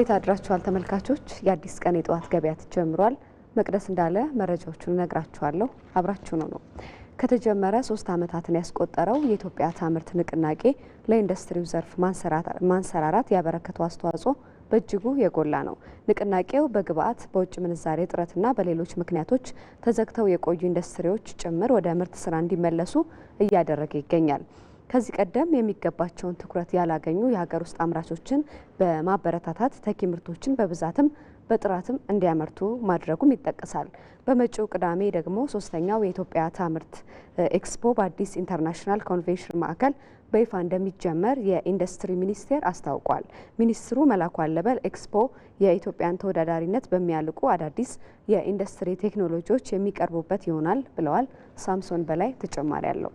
እንዴት አድራችኋል ተመልካቾች? የአዲስ ቀን የጠዋት ገበያ ተጀምሯል። መቅደስ እንዳለ መረጃዎቹን እነግራችኋለሁ። አብራችሁኑ ነው። ከተጀመረ ሶስት ዓመታትን ያስቆጠረው የኢትዮጵያ ታምርት ንቅናቄ ለኢንዱስትሪው ዘርፍ ማንሰራራት ያበረከተው አስተዋጽኦ በእጅጉ የጎላ ነው። ንቅናቄው በግብአት በውጭ ምንዛሬ እጥረትና በሌሎች ምክንያቶች ተዘግተው የቆዩ ኢንዱስትሪዎች ጭምር ወደ ምርት ስራ እንዲመለሱ እያደረገ ይገኛል። ከዚህ ቀደም የሚገባቸውን ትኩረት ያላገኙ የሀገር ውስጥ አምራቾችን በማበረታታት ተኪ ምርቶችን በብዛትም በጥራትም እንዲያመርቱ ማድረጉም ይጠቀሳል። በመጪው ቅዳሜ ደግሞ ሶስተኛው የኢትዮጵያ ታምርት ኤክስፖ በአዲስ ኢንተርናሽናል ኮንቬንሽን ማዕከል በይፋ እንደሚጀመር የኢንዱስትሪ ሚኒስቴር አስታውቋል። ሚኒስትሩ መላኩ አለበል ኤክስፖ የኢትዮጵያን ተወዳዳሪነት በሚያልቁ አዳዲስ የኢንዱስትሪ ቴክኖሎጂዎች የሚቀርቡበት ይሆናል ብለዋል። ሳምሶን በላይ ተጨማሪ አለው።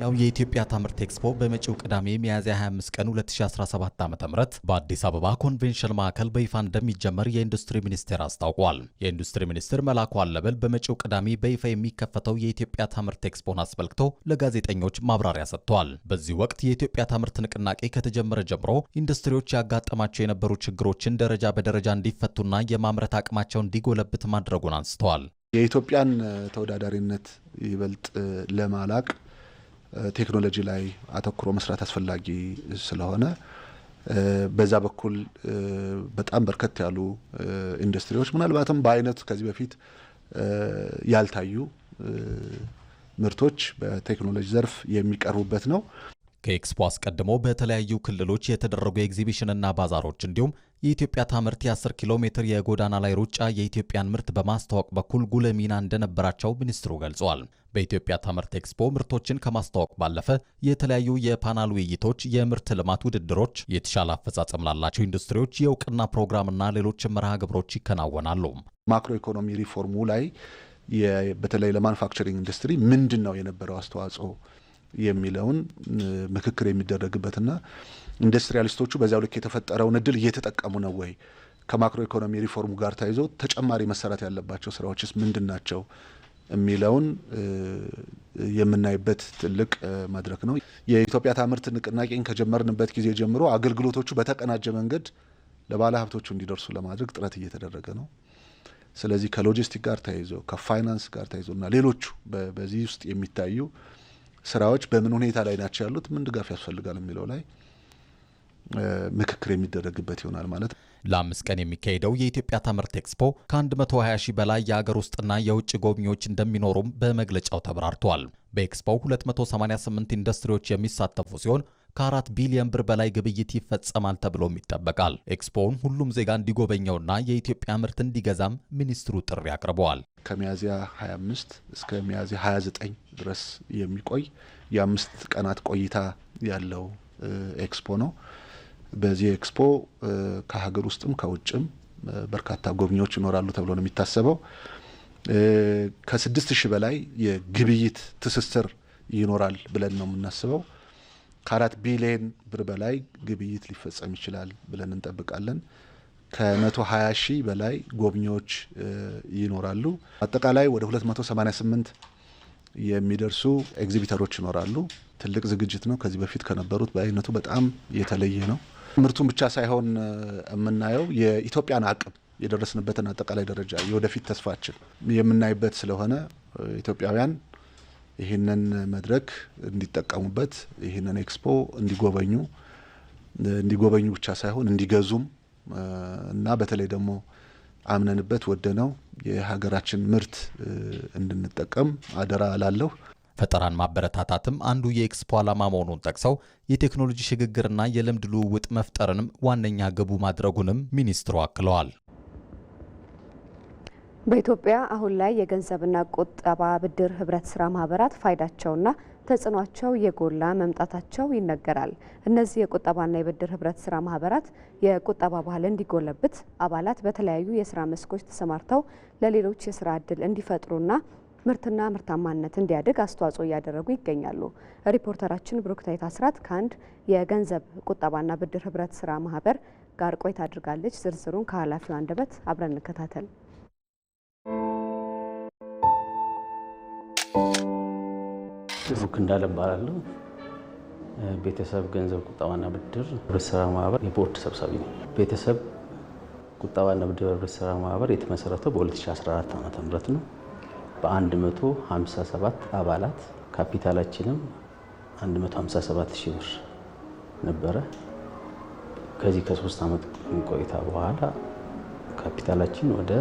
ኛው የኢትዮጵያ ታምርት ኤክስፖ በመጪው ቅዳሜ ሚያዝያ 25 ቀን 2017 ዓ ም በአዲስ አበባ ኮንቬንሽን ማዕከል በይፋ እንደሚጀመር የኢንዱስትሪ ሚኒስቴር አስታውቋል። የኢንዱስትሪ ሚኒስትር መላኩ አለበል በመጪው ቅዳሜ በይፋ የሚከፈተው የኢትዮጵያ ታምርት ኤክስፖን አስመልክቶ ለጋዜጠኞች ማብራሪያ ሰጥቷል። በዚህ ወቅት የኢትዮጵያ ታምርት ንቅናቄ ከተጀመረ ጀምሮ ኢንዱስትሪዎች ያጋጠማቸው የነበሩ ችግሮችን ደረጃ በደረጃ እንዲፈቱና የማምረት አቅማቸውን እንዲጎለብት ማድረጉን አንስተዋል። የኢትዮጵያን ተወዳዳሪነት ይበልጥ ለማላቅ ቴክኖሎጂ ላይ አተኩሮ መስራት አስፈላጊ ስለሆነ በዛ በኩል በጣም በርከት ያሉ ኢንዱስትሪዎች ምናልባትም በአይነት ከዚህ በፊት ያልታዩ ምርቶች በቴክኖሎጂ ዘርፍ የሚቀርቡበት ነው። ከኤክስፖ አስቀድሞ በተለያዩ ክልሎች የተደረጉ ኤግዚቢሽንና ባዛሮች እንዲሁም የኢትዮጵያ ታምርት የ10 ኪሎ ሜትር የጎዳና ላይ ሩጫ የኢትዮጵያን ምርት በማስተዋወቅ በኩል ጉልህ ሚና እንደነበራቸው ሚኒስትሩ ገልጿል። በኢትዮጵያ ታምርት ኤክስፖ ምርቶችን ከማስተዋወቅ ባለፈ የተለያዩ የፓናል ውይይቶች፣ የምርት ልማት ውድድሮች፣ የተሻለ አፈጻጸም ላላቸው ኢንዱስትሪዎች የእውቅና ፕሮግራምና ሌሎች መርሃ ግብሮች ይከናወናሉ። ማክሮ ኢኮኖሚ ሪፎርሙ ላይ በተለይ ለማኑፋክቸሪንግ ኢንዱስትሪ ምንድን ነው የነበረው አስተዋጽኦ የሚለውን ምክክር የሚደረግበትና ኢንዱስትሪያሊስቶቹ በዚያው ልክ የተፈጠረውን እድል እየተጠቀሙ ነው ወይ ከማክሮ ኢኮኖሚ ሪፎርሙ ጋር ተያይዞ ተጨማሪ መሰራት ያለባቸው ስራዎችስ ምንድን ናቸው የሚለውን የምናይበት ትልቅ መድረክ ነው። የኢትዮጵያ ታምርት ንቅናቄን ከጀመርንበት ጊዜ ጀምሮ አገልግሎቶቹ በተቀናጀ መንገድ ለባለ ሀብቶቹ እንዲደርሱ ለማድረግ ጥረት እየተደረገ ነው። ስለዚህ ከሎጂስቲክ ጋር ተያይዞ ከፋይናንስ ጋር ተያይዞ እና ሌሎቹ በዚህ ውስጥ የሚታዩ ስራዎች በምን ሁኔታ ላይ ናቸው ያሉት፣ ምን ድጋፍ ያስፈልጋል የሚለው ላይ ምክክር የሚደረግበት ይሆናል ማለት ነው። ለአምስት ቀን የሚካሄደው የኢትዮጵያ ትምህርት ኤክስፖ ከ120 ሺህ በላይ የአገር ውስጥና የውጭ ጎብኚዎች እንደሚኖሩም በመግለጫው ተብራርቷል። በኤክስፖው 288 ኢንዱስትሪዎች የሚሳተፉ ሲሆን ከአራት ቢሊዮን ብር በላይ ግብይት ይፈጸማል ተብሎም ይጠበቃል። ኤክስፖውን ሁሉም ዜጋ እንዲጎበኘውና የኢትዮጵያ ምርት እንዲገዛም ሚኒስትሩ ጥሪ አቅርበዋል። ከሚያዝያ 25 እስከ ሚያዝያ 29 ድረስ የሚቆይ የአምስት ቀናት ቆይታ ያለው ኤክስፖ ነው። በዚህ ኤክስፖ ከሀገር ውስጥም ከውጭም በርካታ ጎብኚዎች ይኖራሉ ተብሎ ነው የሚታሰበው። ከስድስት ሺህ በላይ የግብይት ትስስር ይኖራል ብለን ነው የምናስበው። ከአራት ቢሊየን ብር በላይ ግብይት ሊፈጸም ይችላል ብለን እንጠብቃለን። ከመቶ ሀያ ሺህ በላይ ጎብኚዎች ይኖራሉ። አጠቃላይ ወደ ስምንት የሚደርሱ ኤግዚቢተሮች ይኖራሉ። ትልቅ ዝግጅት ነው። ከዚህ በፊት ከነበሩት በአይነቱ በጣም የተለየ ነው። ምርቱን ብቻ ሳይሆን የምናየው የኢትዮጵያን አቅም የደረስንበትን አጠቃላይ ደረጃ የወደፊት ተስፋችን የምናይበት ስለሆነ ኢትዮጵያውያን ይህንን መድረክ እንዲጠቀሙበት ይህንን ኤክስፖ እንዲጎበኙ እንዲጎበኙ ብቻ ሳይሆን እንዲገዙም እና በተለይ ደግሞ አምነንበት ወደነው የሀገራችን ምርት እንድንጠቀም አደራ እላለሁ። ፈጠራን ማበረታታትም አንዱ የኤክስፖ ዓላማ መሆኑን ጠቅሰው የቴክኖሎጂ ሽግግርና የልምድ ልውውጥ መፍጠርንም ዋነኛ ግቡ ማድረጉንም ሚኒስትሩ አክለዋል። በኢትዮጵያ አሁን ላይ የገንዘብና ቁጠባ ብድር ህብረት ስራ ማህበራት ፋይዳቸውና ተጽዕኗቸው የጎላ መምጣታቸው ይነገራል። እነዚህ የቁጠባና የብድር ህብረት ስራ ማህበራት የቁጠባ ባህል እንዲጎለብት አባላት በተለያዩ የስራ መስኮች ተሰማርተው ለሌሎች የስራ እድል እንዲፈጥሩና ምርትና ምርታማነት እንዲያድግ አስተዋጽኦ እያደረጉ ይገኛሉ። ሪፖርተራችን ብሩክታይት አስራት ከአንድ የገንዘብ ቁጠባና ብድር ህብረት ስራ ማህበር ጋር ቆይታ አድርጋለች። ዝርዝሩን ከኃላፊው አንደበት አብረን እንከታተል። ብሩክ እንዳለ እባላለሁ። ቤተሰብ ገንዘብ ቁጠባና ብድር ህብረት ስራ ማህበር የቦርድ ሰብሳቢ ነው። ቤተሰብ ቁጠባና ብድር ህብረት ስራ ማህበር የተመሰረተው በ2014 ዓ ም ነው በ157 አባላት ካፒታላችንም 157 ሺህ ብር ነበረ። ከዚህ ከሶስት ዓመት ቆይታ በኋላ ካፒታላችን ወደ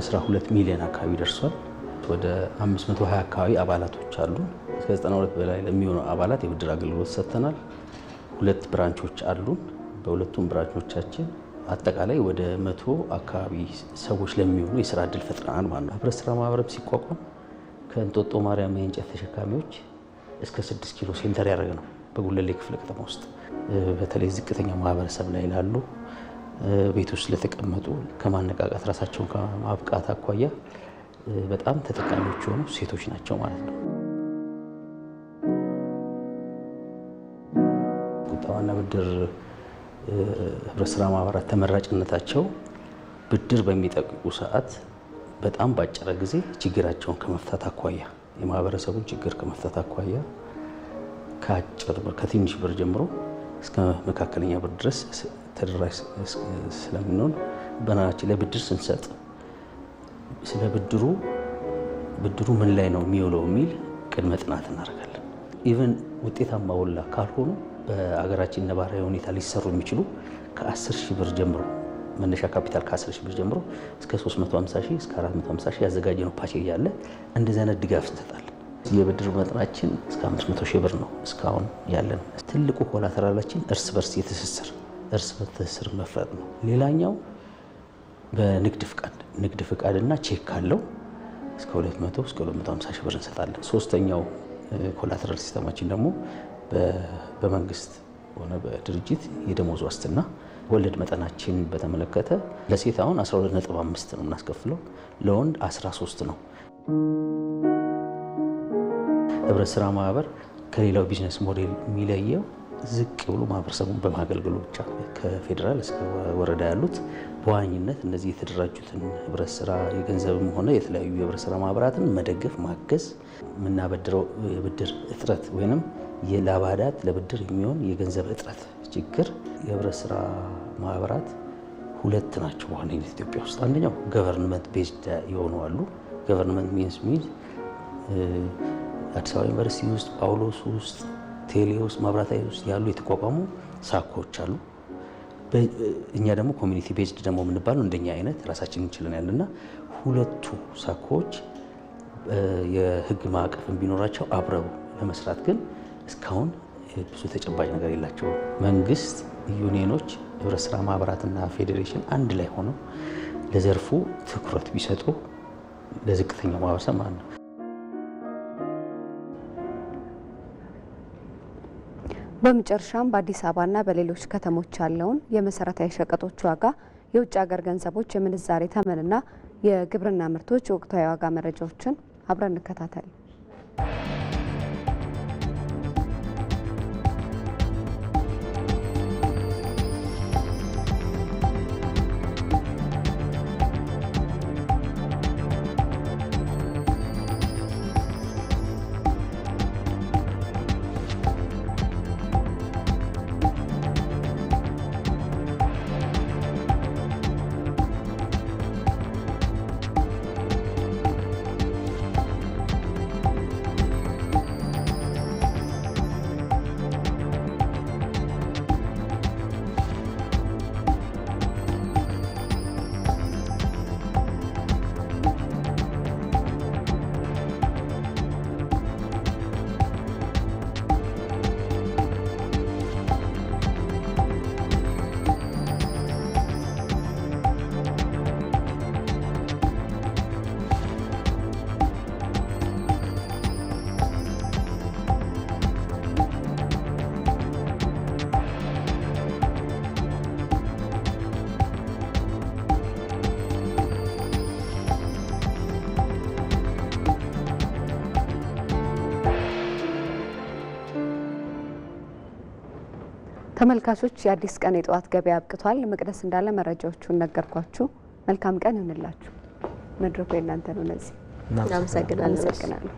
12 ሚሊዮን አካባቢ ደርሷል። ወደ 520 አካባቢ አባላቶች አሉ። እስከ 92 በላይ ለሚሆኑ አባላት የብድር አገልግሎት ሰጥተናል። ሁለት ብራንቾች አሉን። በሁለቱም ብራንቾቻችን አጠቃላይ ወደ መቶ አካባቢ ሰዎች ለሚሆኑ የስራ እድል ፈጥረናል ማለት ነው። ህብረት ስራ ማህበረብ ሲቋቋም ከእንጦጦ ማርያም የእንጨት ተሸካሚዎች እስከ 6 ኪሎ ሴንተር ያደረገ ነው። በጉለሌ ክፍለ ከተማ ውስጥ በተለይ ዝቅተኛ ማህበረሰብ ላይ ላሉ ቤቶች ስለተቀመጡ ከማነቃቃት ራሳቸውን ከማብቃት አኳያ በጣም ተጠቃሚዎች የሆኑ ሴቶች ናቸው ማለት ነው። ቁጠባና ብድር ህብረት ስራ ማህበራት ተመራጭነታቸው ብድር በሚጠቅቁ ሰዓት በጣም ባጭረ ጊዜ ችግራቸውን ከመፍታት አኳያ የማህበረሰቡን ችግር ከመፍታት አኳያ ከአጭር ብር ከትንሽ ብር ጀምሮ እስከ መካከለኛ ብር ድረስ ተደራሽ ስለምንሆን በናችን ለብድር ስንሰጥ ስለ ብድሩ ብድሩ ምን ላይ ነው የሚውለው የሚል ቅድመ ጥናት እናደርጋለን። ኢቨን ውጤታማ ወላ ካልሆኑ በአገራችን ነባራዊ ሁኔታ ሊሰሩ የሚችሉ ከ10 ሺህ ብር ጀምሮ መነሻ ካፒታል ከ10 ሺህ ብር ጀምሮ እስከ 350 ሺህ እስከ 450 ሺህ ያዘጋጀ ነው ፓኬጅ ያለ እንደዚህ አይነት ድጋፍ እንሰጣለን። የብድር መጠናችን እስከ 500 ሺህ ብር ነው እስካሁን ያለን። ትልቁ ኮላተራላችን እርስ በርስ የትስስር እርስ በርስ ትስስር መፍረጥ ነው። ሌላኛው በንግድ ፍቃድ ንግድ ፍቃድና ቼክ ካለው እስከ 200 እስከ 250 ሺህ ብር እንሰጣለን። ሶስተኛው ኮላተራል ሲስተማችን ደግሞ በመንግስት ሆነ በድርጅት የደሞዝ ዋስትና ወለድ መጠናችን በተመለከተ ለሴት አሁን 12.5 ነው የምናስከፍለው፣ ለወንድ 13 ነው። ህብረት ስራ ማህበር ከሌላው ቢዝነስ ሞዴል የሚለየው ዝቅ ብሎ ማህበረሰቡን በማገልገሉ ብቻ ከፌዴራል እስከ ወረዳ ያሉት በዋኝነት እነዚህ የተደራጁትን ህብረት ስራ የገንዘብም ሆነ የተለያዩ የህብረት ስራ ማህበራትን መደገፍ፣ ማገዝ የምናበድረው የብድር እጥረት ወይም ለአባዳት ለብድር የሚሆን የገንዘብ እጥረት ችግር የህብረት ስራ ማህበራት ሁለት ናቸው በዋነኝነት ኢትዮጵያ ውስጥ። አንደኛው ገቨርንመንት ቤዝድ የሆኑ አሉ። ገቨርንመንት ሚንስ ሚል አዲስ አበባ ዩኒቨርሲቲ ውስጥ ጳውሎስ ውስጥ ቴሌውስ ማብራታዊ ውስጥ ያሉ የተቋቋሙ ሳኮዎች አሉ። እኛ ደግሞ ኮሚኒቲ ቤዝድ ደግሞ የምንባለው እንደኛ አይነት ራሳችን እንችለናል ያለና ሁለቱ ሳኮዎች የህግ ማዕቀፍን ቢኖራቸው አብረው ለመስራት ግን እስካሁን ብዙ ተጨባጭ ነገር የላቸውም። መንግስት፣ ዩኒየኖች፣ ህብረት ስራ ማህበራትና ፌዴሬሽን አንድ ላይ ሆነው ለዘርፉ ትኩረት ቢሰጡ ለዝቅተኛው ማህበረሰብ ማለት ነው በመጨረሻም በአዲስ አበባና በሌሎች ከተሞች ያለውን የመሰረታዊ ሸቀጦች ዋጋ፣ የውጭ ሀገር ገንዘቦች የምንዛሬ ተመንና የግብርና ምርቶች ወቅታዊ ዋጋ መረጃዎችን አብረን እንከታተል። ተመልካቾች የአዲስ ቀን የጠዋት ገበያ አብቅቷል። መቅደስ እንዳለ መረጃዎቹን ነገርኳችሁ። መልካም ቀን ይሁንላችሁ። መድረኩ የእናንተ ነው። እነዚህ አመሰግናለሁ።